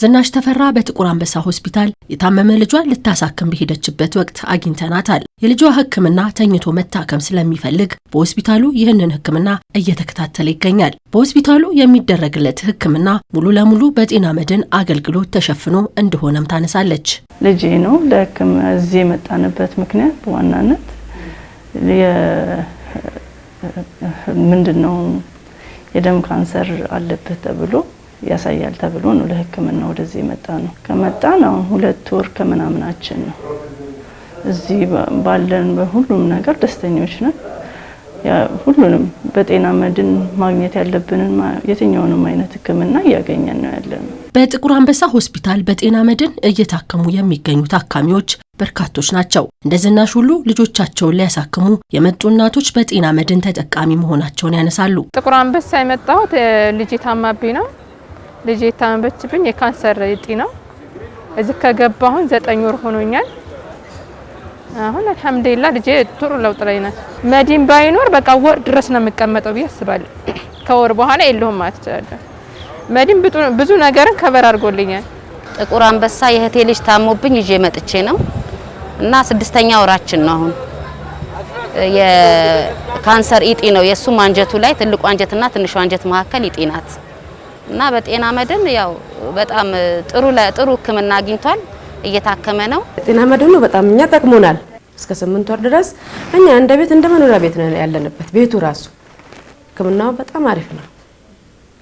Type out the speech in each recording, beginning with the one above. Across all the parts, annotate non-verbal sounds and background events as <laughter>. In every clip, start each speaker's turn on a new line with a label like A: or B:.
A: ዝናሽ ተፈራ በጥቁር አንበሳ ሆስፒታል የታመመ ልጇን ልታሳክም በሄደችበት ወቅት አግኝተናታል። የልጇ ሕክምና ተኝቶ መታከም ስለሚፈልግ በሆስፒታሉ ይህንን ሕክምና እየተከታተለ ይገኛል። በሆስፒታሉ የሚደረግለት ሕክምና ሙሉ ለሙሉ በጤና መድን አገልግሎት ተሸፍኖ እንደሆነም ታነሳለች።
B: ልጄ ነው ለሕክምና እዚህ የመጣንበት ምክንያት በዋናነት ምንድን ነው የደም ካንሰር አለበት ተብሎ ያሳያል ተብሎ ነው ለህክምና ወደዚህ የመጣ ነው። ከመጣ ነው ሁለት ወር ከምናምናችን ነው። እዚህ ባለን በሁሉም ነገር ደስተኞች ነን። ሁሉንም በጤና መድን ማግኘት ያለብንን የትኛውንም አይነት ህክምና እያገኘን ነው ያለ ነው።
A: በጥቁር አንበሳ ሆስፒታል በጤና መድን እየታከሙ የሚገኙ ታካሚዎች በርካቶች ናቸው። እንደ ዝናሽ ሁሉ ልጆቻቸውን ሊያሳክሙ የመጡ እናቶች በጤና መድን ተጠቃሚ መሆናቸውን ያነሳሉ።
C: ጥቁር አንበሳ የመጣሁት ልጅ ታማቢ ነው ልጅ የታመመችብኝ የካንሰር እጢ ነው። እዚህ ከገባሁን ዘጠኝ ወር ሆኖኛል። አሁን አልሐምዱሊላ ልጄ ጥሩ ለውጥ ላይ ናት። መዲን ባይኖር በቃ ወር ድረስ ነው የምቀመጠው ብዬ አስባለሁ። <clears throat> ከወር በኋላ የለሁም ማለት እችላለሁ። መዲን ብዙ ነገርን ከበር አድርጎልኛል።
D: ጥቁር አንበሳ የእህቴ ልጅ ታሞብኝ ይዤ መጥቼ ነው እና ስድስተኛ ወራችን ነው አሁን የካንሰር ኢጢ ነው የእሱም አንጀቱ ላይ ትልቁ አንጀትና ትንሹ አንጀት መካከል ኢጢ ናት። እና በጤና መድን ያው በጣም ጥሩ ለጥሩ ህክምና አግኝቷል እየታከመ ነው።
B: ጤና መድኑ በጣም እኛ ጠቅሞናል። እስከ ስምንት ወር ድረስ እኛ እንደ ቤት እንደ መኖሪያ ቤት ነው ያለንበት። ቤቱ ራሱ ህክምናው በጣም አሪፍ ነው።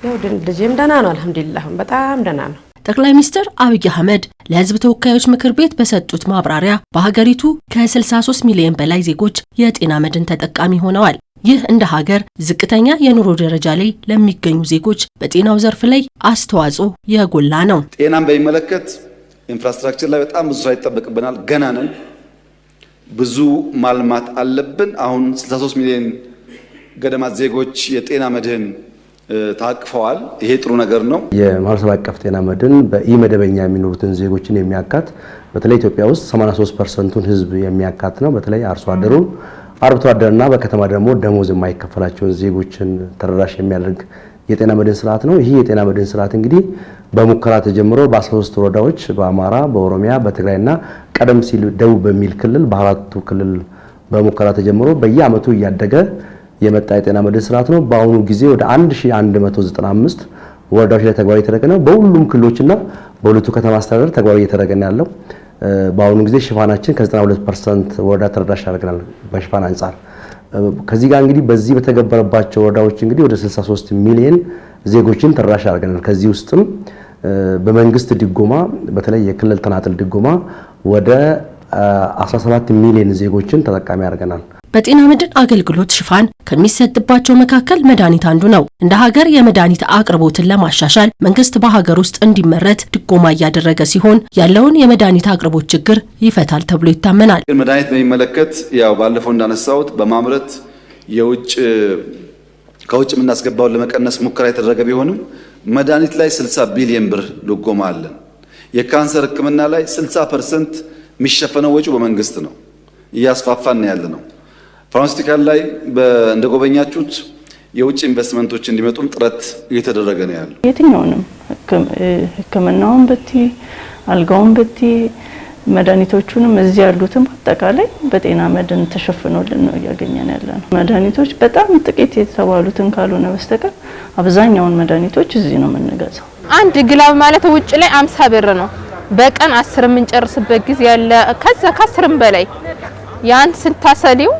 B: ያው ልጄም ደህና ነው፣ አልሐምዱሊላህ በጣም ደህና ነው።
A: ጠቅላይ ሚኒስትር አብይ አህመድ ለህዝብ ተወካዮች ምክር ቤት በሰጡት ማብራሪያ በሀገሪቱ ከ63 ሚሊዮን በላይ ዜጎች የጤና መድን ተጠቃሚ ሆነዋል። ይህ እንደ ሀገር ዝቅተኛ የኑሮ ደረጃ ላይ ለሚገኙ ዜጎች በጤናው ዘርፍ ላይ አስተዋጽኦ የጎላ ነው።
E: ጤናን በሚመለከት ኢንፍራስትራክቸር ላይ በጣም ብዙ ስራ ይጠበቅብናል። ገና ነን። ብዙ ማልማት አለብን። አሁን 63 ሚሊዮን ገደማ ዜጎች የጤና መድህን ታቅፈዋል። ይሄ ጥሩ ነገር ነው።
F: የማህበረሰብ አቀፍ ጤና መድህን በኢ መደበኛ የሚኖሩትን ዜጎችን የሚያካት በተለይ ኢትዮጵያ ውስጥ 83 ፐርሰንቱን ህዝብ የሚያካት ነው። በተለይ አርሶ አደሩን አርብቶ አደርና በከተማ ደግሞ ደሞዝ የማይከፈላቸውን ዜጎችን ተደራሽ የሚያደርግ የጤና መድን ስርዓት ነው። ይህ የጤና መድን ስርዓት እንግዲህ በሙከራ ተጀምሮ በ13 ወረዳዎች በአማራ፣ በኦሮሚያ፣ በትግራይና ቀደም ሲል ደቡብ በሚል ክልል በአራቱ ክልል በሙከራ ተጀምሮ በየአመቱ እያደገ የመጣ የጤና መድን ስርዓት ነው። በአሁኑ ጊዜ ወደ 1195 ወረዳዎች ላይ ተግባራዊ እየተደረገ ነው። በሁሉም ክልሎችና በሁለቱ ከተማ አስተዳደር ተግባራዊ እየተደረገ ነው ያለው በአሁኑ ጊዜ ሽፋናችን ከ92 ፐርሰንት ወረዳ ተደራሽ አድርገናል በሽፋን አንጻር። ከዚህ ጋር እንግዲህ በዚህ በተገበረባቸው ወረዳዎች እንግዲህ ወደ 63 ሚሊዮን ዜጎችን ተደራሽ አድርገናል። ከዚህ ውስጥም በመንግስት ድጎማ በተለይ የክልል ተናጥል ድጎማ ወደ 17 ሚሊዮን ዜጎችን ተጠቃሚ አድርገናል።
A: በጤና መድን አገልግሎት ሽፋን ከሚሰጥባቸው መካከል መድኃኒት አንዱ ነው። እንደ ሀገር የመድኃኒት አቅርቦትን ለማሻሻል መንግስት በሀገር ውስጥ እንዲመረት ድጎማ እያደረገ ሲሆን ያለውን የመድኃኒት አቅርቦት ችግር ይፈታል ተብሎ ይታመናል።
E: መድኃኒት በሚመለከት ያው ባለፈው እንዳነሳሁት በማምረት የውጭ ከውጭ የምናስገባውን ለመቀነስ ሙከራ የተደረገ ቢሆንም መድኃኒት ላይ 60 ቢሊየን ብር ድጎማ አለን። የካንሰር ሕክምና ላይ 60 ፐርሰንት የሚሸፈነው ወጪው በመንግስት ነው። እያስፋፋን ያለ ነው። ፋርማሲቲካል ላይ እንደጎበኛችሁት የውጭ ኢንቨስትመንቶች እንዲመጡም ጥረት እየተደረገ ነው ያለው።
B: የትኛውንም ሕክምናውን ብቲ አልጋውን ብቲ መድኃኒቶቹንም እዚህ ያሉትም አጠቃላይ በጤና መድን ተሸፍኖልን ነው እያገኘን ያለ ነው። መድኃኒቶች በጣም ጥቂት የተባሉትን ካልሆነ በስተቀር አብዛኛውን መድኃኒቶች እዚህ ነው የምንገዛው።
C: አንድ ግላብ ማለት ውጭ ላይ አምሳ ብር ነው። በቀን አስር የምንጨርስበት ጊዜ ያለ ከዛ ከአስርም በላይ ያን ስታሰሊው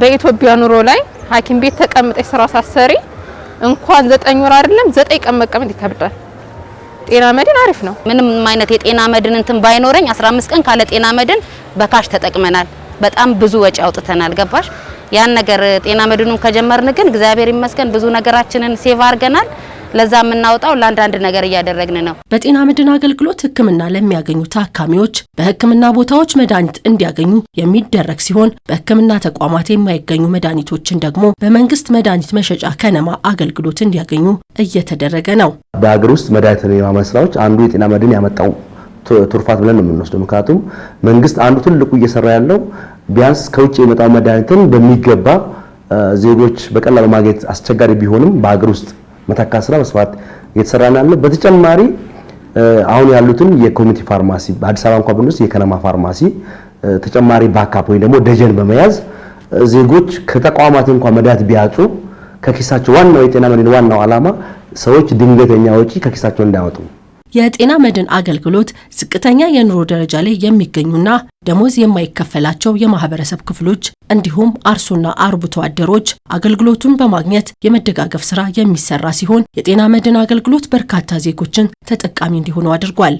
C: በኢትዮጵያ ኑሮ ላይ ሐኪም ቤት ተቀምጠሽ ስራ ሳሰሪ እንኳን ዘጠኝ ወር አይደለም ዘጠኝ ቀን መቀመጥ ይከብዳል። ጤና መድን አሪፍ ነው።
D: ምንም አይነት የጤና መድን እንትን ባይኖረኝ 15 ቀን ካለ ጤና መድን በካሽ ተጠቅመናል። በጣም ብዙ ወጪ አውጥተናል። ገባሽ ያን ነገር ጤና መድኑን ከጀመርን ግን እግዚአብሔር ይመስገን ብዙ ነገራችንን ሴቭ አድርገናል። ለዛ የምናወጣው ለአንዳንድ ነገር እያደረግን ነው።
A: በጤና መድን አገልግሎት ሕክምና ለሚያገኙ ታካሚዎች በሕክምና ቦታዎች መድኃኒት እንዲያገኙ የሚደረግ ሲሆን በሕክምና ተቋማት የማይገኙ መድኃኒቶችን ደግሞ በመንግስት መድኃኒት መሸጫ ከነማ አገልግሎት እንዲያገኙ እየተደረገ ነው።
F: በሀገር ውስጥ መድኃኒት የማምረት ስራዎች አንዱ የጤና መድን ያመጣው ቱርፋት ብለን ነው የምንወስደው። ምክንያቱም መንግስት አንዱ ትልቁ እየሰራ ያለው ቢያንስ ከውጭ የመጣው መድኃኒትን በሚገባ ዜጎች በቀላሉ ማግኘት አስቸጋሪ ቢሆንም በሀገር ውስጥ መተካ ስራ በስፋት እየተሰራን ያለ። በተጨማሪ አሁን ያሉትን የኮሚኒቲ ፋርማሲ በአዲስ አበባ እንኳን ብንወስድ የከነማ ፋርማሲ ተጨማሪ ባካፕ ወይ ደግሞ ደጀን በመያዝ ዜጎች ከተቋማት እንኳን መድኃኒት ቢያጡ ከኪሳቸው ዋናው የጤና መድን ዋናው ዓላማ ሰዎች ድንገተኛ ወጪ ከኪሳቸው እንዳያወጡ
A: የጤና መድን አገልግሎት ዝቅተኛ የኑሮ ደረጃ ላይ የሚገኙና ደሞዝ የማይከፈላቸው የማህበረሰብ ክፍሎች እንዲሁም አርሶና አርብቶ አደሮች አገልግሎቱን በማግኘት የመደጋገፍ ስራ የሚሰራ ሲሆን የጤና መድን አገልግሎት በርካታ ዜጎችን ተጠቃሚ እንዲሆኑ አድርጓል።